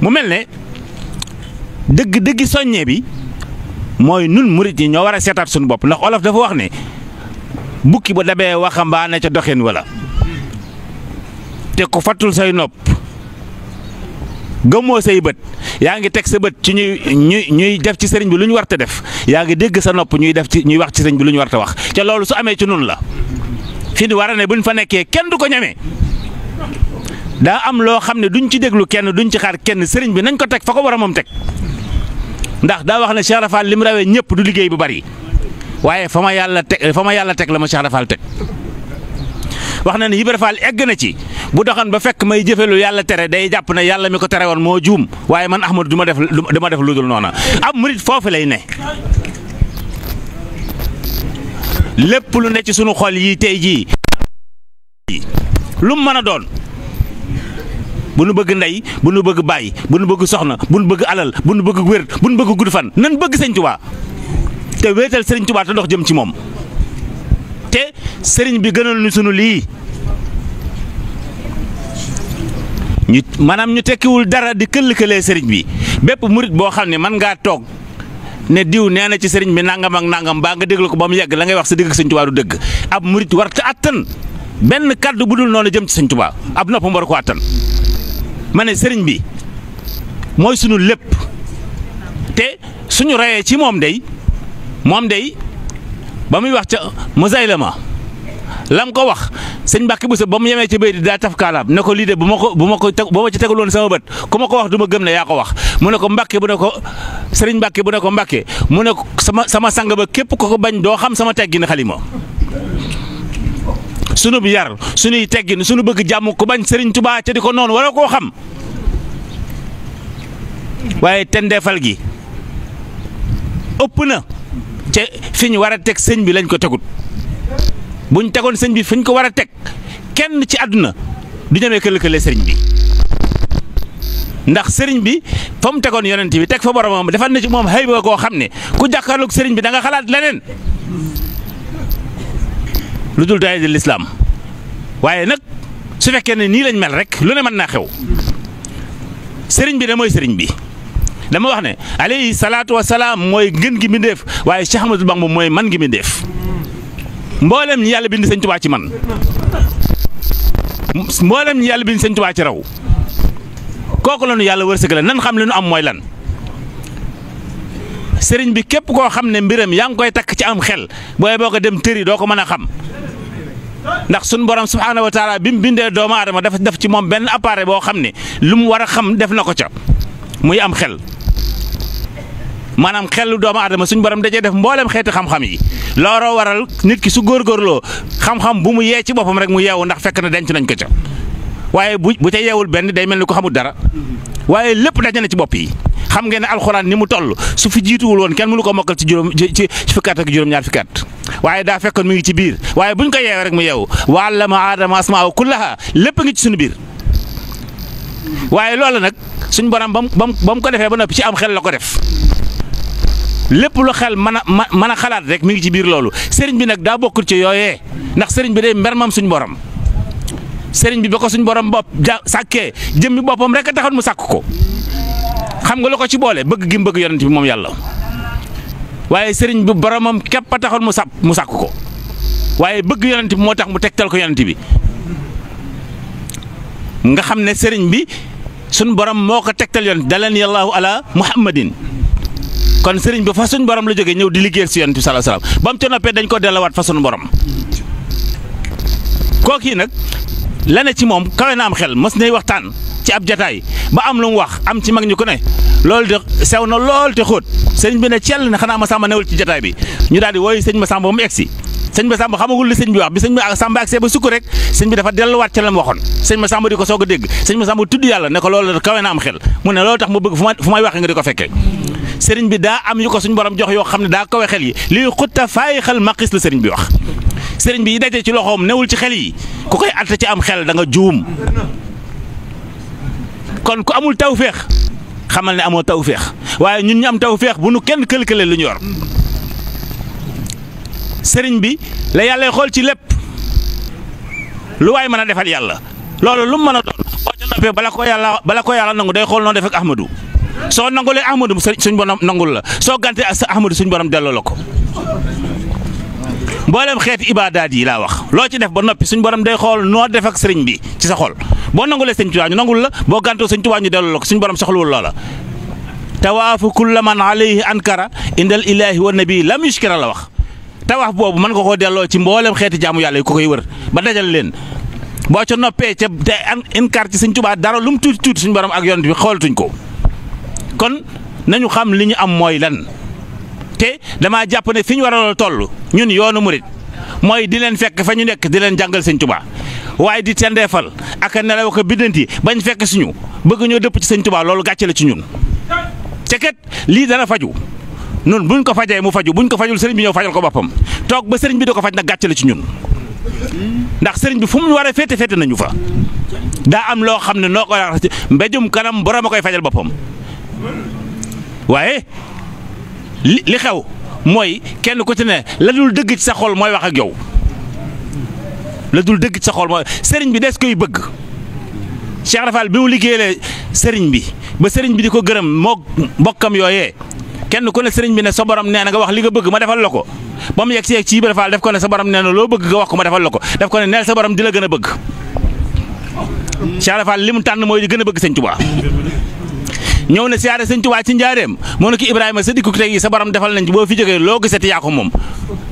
mu mel ne dëgg dëggi soññee bi mooy nun murit yi ñoo war a seetaat suñu bopp ndax olof dafa wax ne bukki ba dabee waxambaane ca doxin wala te ku fattul say nopp gëmmoo say bët yaa ngi teg sa bët ci ñuy ñuy ñuy def ci sëriñ bi lu ñu war def yaa ngi dégg sa nopp ñuy def ci ñuy wax ci sëriñ bi lu ñu war ta wax te loolu su amee ci nun la fi ñu war a ne buñ fa nekkee kenn du ko ñemee daa am loo xam ne duñ ci déglu kenn duñ ci xaar kenn sëriñ bi nañ ko teg fa ko war a moom teg ndax daa wax ne Cheikh Rafal li mu rawee ñëpp du liggéey bu bari waaye fa ma yàlla teg fa ma yàlla teg la ma Cheikh Rafal teg. wax na ne Ibra Fall egg na ci bu doxan ba fekk may jëfe yàlla tere day jàpp ne yàlla mi ko tere woon moo juum waaye man Ahmadu du ma def du ma def lu dul noona am murit foofu lay ne. lépp lu ne ci sunu xol yi tey jii. lu mu mën a doon. bu nu bëgg ndey bu nu bëgg bàyyi bu nu bëgg soxna bu nu bëgg alal bu nu bëgg wér bu nu bëgg gudd fan nan bëgg sëñ Tuubaa te wéetal sëriñ Tuubaa te dox jëm ci moom te sëriñ bi gënal sunu lii ñu maanaam ñu tekkiwul dara di këll-këlee sëriñ bi bépp murit boo xam ne man ngaa toog ne diw nee na ci sëriñ bi nangam ak nangam baa nga déglu ko ba mu yegg la ngay wax sa digg sëñ Tuubaa du dëgg ab murit war te attan benn kàddu bu dul noonu jëm ci sëñ Tuubaa ab noppam war ko attan mane sëriñ bi mooy sunu lépp te suñu rayee ci moom day moom day ba muy wax ca Musaylama lam ko wax sëñ Mbàkke Buso ba mu yemee ci béy di daa taf kaalaam ne ko lii bu ma ko bu ma ko bu ma ci teguloon sama bët ku ma ko wax du ma gëm na yaa ko wax mu ne ko Mbàkke bu ne ko sëriñ Mbàkke bu ne ko Mbàkke mu ne sama sama sang ba képp ko ko bañ doo xam sama teggin xalima sunu bu yar sunuy teggin sunu bëgg jàmm ku bañ Serigne Touba ca di ko noonu wara koo xam waaye tendeefal gi ëpp na ca fi ñu war a teg sëñ bi lañ ko tegut buñ ñu tegoon sëñ bi fi ko war a teg kenn ci àdduna du ñemee këlëkële sëriñ bi ndax sëriñ bi fa mu tegoon yonent bi teg fa boromam defal na ci moom xëy ba koo xam ne ku jàkkaarloog sëriñ bi da nga xalaat leneen. lu dul daay di lislaam waaye nag su fekkee ne nii lañ mel rek lu ne man naa xew sëriñ bi de mooy sëriñ bi dama wax ne alayhi salaatu wa salaam mooy gën gi mbindéef waaye Cheikh Ahmadou moom mooy man gi mbindéef mboolem ñi yàlla bind sëñ Tuubaa ci man mboolem ñi yàlla bind sëñ Tuubaa ci raw kooku la nu yàlla wërsëgale nan xam li am mooy lan sëriñ bi képp koo xam ne mbiram yaa ngi koy takk ci am xel booy boo ko dem tëri doo ko mën a xam ndax suñu borom subhaanahu wa taala bi mu bindee doomu aadama dafa def ci moom benn appareil boo xam ne lu mu war a xam def na ko ca muy am xel maanaam xelu doomu aadama suñu borom dajee def mboolem xeeti xam-xam yi looloo waral nit ki su góorloo xam-xam bu mu yee ci boppam rek mu yeewu ndax fekk na denc nañ ko ca waaye bu bu ca yeewul benn day mel ni ko xamul dara waaye lépp daje na ci bopp yi. xam ngeen ne alxuraan ni mu toll su fi jiituwul woon kenn mënu ko mokkal ci juróom ci ak juróom-ñaar fukkaat waaye daa fekkoon mu ngi ci biir waaye buñ ko yeewee rek mu yeewu wa allama aadama asmaa kullaha lépp ngi ci suñu biir waaye loolu nag suñ borom bam bam ko defee ba noppi ci am xel la ko def lépp lu xel mën a mën a xalaat rek mi ngi ci biir loolu sëriñ bi nag daa bokkul ci yooye ndax sëriñ bi day mbermam suñ borom sëriñ bi ba ko suñ borom bopp ja sàkkee jëmmi boppam rek a taxoon mu sàkk ko. xam nga la ko ci boole bëgg gi bëgg yonent bi moom yàlla waaye sëriñ bi boromam képp a taxoon mu sàpp mu sàkk ko waaye bëgg yonent bi moo tax mu tegtal ko yonent bi nga xam ne sëriñ bi suñ borom moo ko tegtal yonent daleen yàllaahu ala muhammadin kon sëriñ bi fa suñ borom la jógee ñëw di liggéey si yonent bi salaa salaam ba mu ca noppee dañ ko delluwaat fa suñu borom kooku nag la ne ci moom kawe na am xel mos nay waxtaan. ci ab jataay ba am lu mu wax am ci mag ñi ko ne loolu de sew na lool te xóot sëñ bi ne cell ne xanaa ma sàmba newul ci jataay bi ñu daal di wooyu sëñ ma sàmba ba mu egsi sëñ ma sàmba xamagul li sëñ bi wax ak delluwaat ca la mu waxoon ko soog dégg sëñ ma sàmba tudd yàlla ne ko loolu kawe na am xel mu ne loolu sëriñ bi daa am yu ko suñu borom jox yoo xam ne daa kawe xel yi lii xutta faay xel maqis la sëriñ bi wax sëriñ bi yi dajee ci loxoom newul ci xel yi ku koy atte ci am xel da nga juum kon ku amul tawféex xamal ne amoo tawféex waaye ñun ñu am tawféex bu nu kenn këlkële lu ñu yor sëriñ bi la yàlla xool ci lépp lu waay mën a defal yàlla loolu lu mu mën a doon boo bala ko yàlla bala ko yàlla nangu day xool noo def ak Ahmadou soo nangulee Ahmadou suñ borom nangul la soo gàntee ak sa Ahmadou suñ borom delloo la ko. mboolem xeeti ibaadaat yi laa wax loo ci def ba noppi suñ borom day xool noo def ak sëriñ bi ci sa xol boo nangulee sëñ Tuubaa ñu nangul la boo gàntoo sëñ Tuubaa ñu delloo la ko suñ borom soxlawul loola tawaafu kulla man alayhi ankara indal ilaahi wa nabi lam yushkira la wax te wax boobu mën ko koo delloo ci mboolem xeeti jaamu yàlla yi ko koy wër ba dajal leen boo ca noppee ca te inkar ci sëñ Tuubaa dara lu mu tuuti tuuti suñ borom ak yonent bi xoolatuñ ko kon nañu xam li ñu am mooy lan te damaa jàpp ne fi ñu war a toll ñun yoonu murit mooy di leen fekk fa ñu nekk di leen jàngal sëñ Tuubaa waaye di tendeefal ak a nelaw ko biddanti bañ fekk si ñu bëgg ñoo dëpp ci sëñ loolu gàcce la ci ñun. te kat lii dana faju ñun buñ ko fajee mu faju buñ ko fajul sëriñ bi ñëw fajal ko boppam toog ba sëriñ bi da ko faj nag gàcce la ci ñun ndax sëriñ bi fu mu war fete fete nañu fa daa am loo xam ne noo ko mbéjum kanam borom a koy fajal boppam li xew mooy kenn ku ci ne la dul dëgg ci sa xol mooy wax ak yow la dul dëgg sa xol mooy sëriñ bi des koy bëgg Cheikh Rafal bi mu liggéeyee sëriñ bi ba sëriñ bi di ko gërëm moo mbokkam yooyee kenn ku ne sëriñ bi ne sa borom nee na nga wax li nga bëgg ma defal la ko ba mu yegg si yegg ci Ibra Faal def ko ne sa borom nee na loo bëgg nga wax ko ma defal la ko def ko ne neel sa borom di la gën a bëgg Cheikh Rafal li mu tànn mooy di gën a bëgg Sëñ Tuubaa ñow na siyaare sëñ Tuubaa ci njaareem moo ne ko Ibrahima sa dikku tey sa defal nañ ci boo fi jógee loo gisati yaa ko moom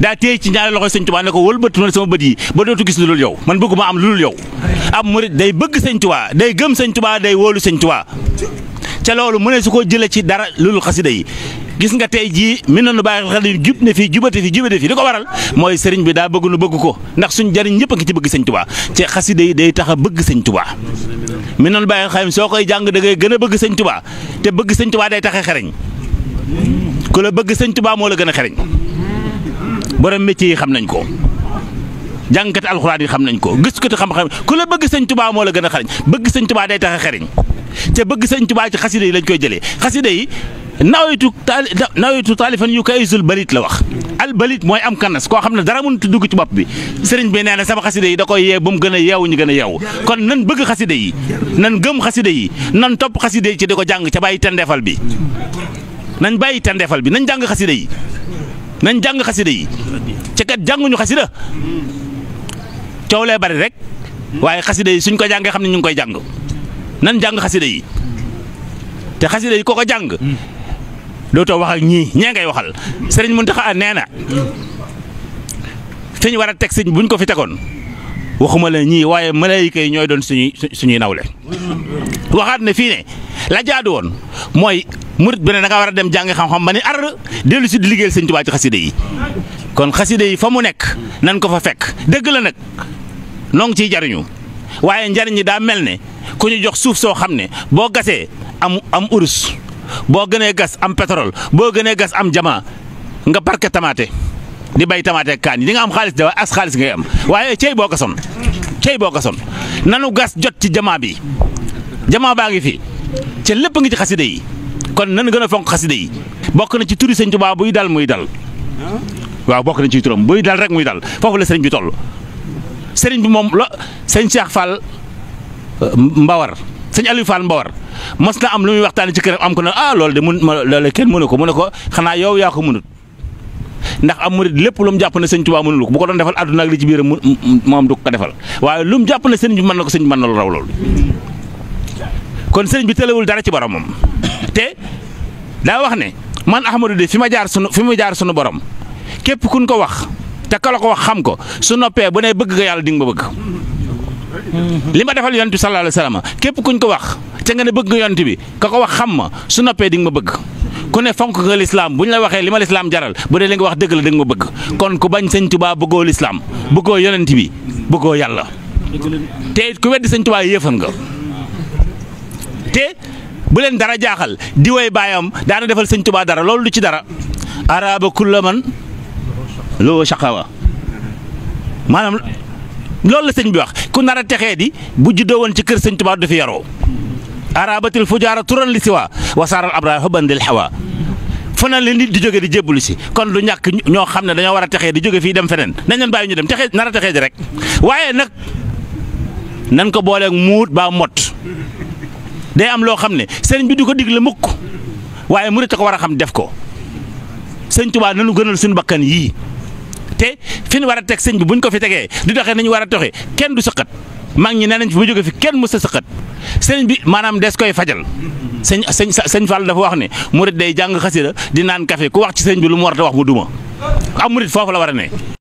daa téye ci ñaari loxo sëñ Tuubaa ne ko wëlbatu na sama bët yi ba dootu gis lu dul yow man bëgguma am lu dul yow am murit day bëgg sëñ Tuubaa day gëm sëñ Tuubaa day wolu sëñ Tuubaa ca loolu mu ne su ko jëlee ci dara loolu xasida yi gis nga tey jii mi noonu bàyyi xel jub ne fi jubate fi jubate fi li ko waral mooy sëriñ bi daa bëgg nu bëgg ko ndax suñ jariñ ñëpp a ngi ci bëgg sëñ tubaa ci xasida yi day tax a bëgg sëñ tubaa mi noonu bàyyi xel soo koy jàng da gën a bëgg sëñ tubaa te bëgg sëñ tubaa day tax a xereñ ku la bëgg sëñ tubaa moo la gën a xereñ borom métier yi xam nañ ko jàngkati alxuraan yi xam nañ ko gëstukati xam-xam ku la bëgg sëñ tubaa moo la gën a xariñ bëgg sëñ tubaa day tax a xariñ te bëgg sëñ tubaa ci xasida yi lañ koy jëlee xasida yi nawetu nawetu taalifan yu kayisul balit la wax al balit mooy am kanas koo xam ne dara mënut dugg ci bopp bi sëriñ bi nee na sama xasida yi da koy yeew ba mu gën a yeewu ñu gën a yeewu kon nan bëgg xasida yi nan gëm xasida yi nan topp xasida yi ci di ko jàng ca bàyyi tendeefal bi nañ bàyyi tendeefal bi nañ jàng xasida yi nañ jàng xasida yi ca kat jànguñu xasida coow lee bari rek waaye xasida yi suñ ko jàngee xam ne ñu ngi koy jàng nan jàng xasida yi te xasida yi ko ko jàng dootoo wax ak ñii ñee ngay waxal sëriñ Muntaxa nee na fi war a teg sëñ buñ ko fi tegoon waxuma la ñii waaye malaayika yi ñooy doon suñuy suñuy nawle waxaat ne fii ne la jaadu woon mooy murit bi ne da war a dem jàngi xam-xam ba ar dellu si di liggéeyal sëñ Tuubaa ci xasida yi kon xasida yi fa mu nekk nan ko fa fekk dëgg la nag noo ngi ciy jariñu waaye njariñ ñi daa mel ne ku ñu jox suuf soo xam ne boo gasee am am urus boo gënee gas am pétrole boo gënee gas am jama nga barke tamaate di bay tamaate kaani yi nga am xaalis de waaye as xaalis ngay am waaye cey boo gasoon cey boo gasoon nanu gas jot ci jamaa bi jamaa baa ngi fi ca lépp ngi ci xaside yi kon nan gën a fonk xaside yi bokk na ci turi sëñ Tuubaa buy dal muy dal waaw bokk na ci turam buy dal rek muy dal foofu la sëriñ bi toll sëriñ bi moom la sëñ Cheikh Fall euh, Mbawar sëñ Aliou Fall Mbawar mos na am lu muy waxtaanee ci këram am ko ne ah lool de mun ma loolu kenn ne ko mu ne ko xanaa yow yaa ko mënut ndax am murit lépp lu mu jàpp ne sëñ Tuubaa mënul ko bu ko doon defal àdduna ak li ci biir mu moom du ko defal waaye lu mu jàpp ne sëriñ bi mën na ko sëñ bi mën na lu raw loolu kon sëriñ bi tëlewul dara ci moom te daa wax ne man Ahmadou de fi ma jaar sunu fi ma jaar sunu borom képp ku ko wax. te kala ko wax xam ko su noppee bu ne bëgg nga yàlla di nga ma bëgg. li ma defal yonent bi sallallahu alayhi wasallam képp kuñ ko wax te nga ne bëgg nga yonent bi ka ko wax xam ma su noppee di nga ma bëgg. ku ne fonk nga lislaam bu ñu la waxee li ma lislaam jaral bu dee li nga wax dëgg la da nga ma bëgg kon ku bañ sëñ tubaa bëggoo lislaam bëggoo yonent bi bëggoo yàlla te ku weddi sëñ tubaa yéefan nga te bu leen dara jaaxal di woy baayam daana defal sëñ tubaa dara loolu du ci dara araaba kulla man loo shaqawa maanaam loolu la sëñ bi wax ku nar a texee di bu juddoo woon ci kër sëñ Tuubaa du fi yaroo arabatil fujaara turan li si waa wasaaral abraar xëbandil xawaa fu na leen di jóge di jébbalu si kon du ñàkk ñoo xam ne dañoo war a texee di jóge fii dem feneen nañ leen bàyyi ñu dem texee nar a texee di rek waaye nag nan ko booleeg muut baa mot day am loo xam ne sëriñ bi du ko digle mukk waaye murit a ko war a xam def ko sëñ Tuubaa nanu gënal suñu bakkan yii te fi ñu war a teg sëñ bi buñ ko fi tegee di doxee nañu war a doxee kenn du sëqat mag ñi nee nañ fi bu jógee fi kenn mu sa sëqat sëñ bi maanaam des koy fajal sëñ sëñ sëñ Fall dafa wax ne murit day jàng xasida di naan café ku wax ci sëñ bi lu mu war a wax mu duma am murit foofu la war a ne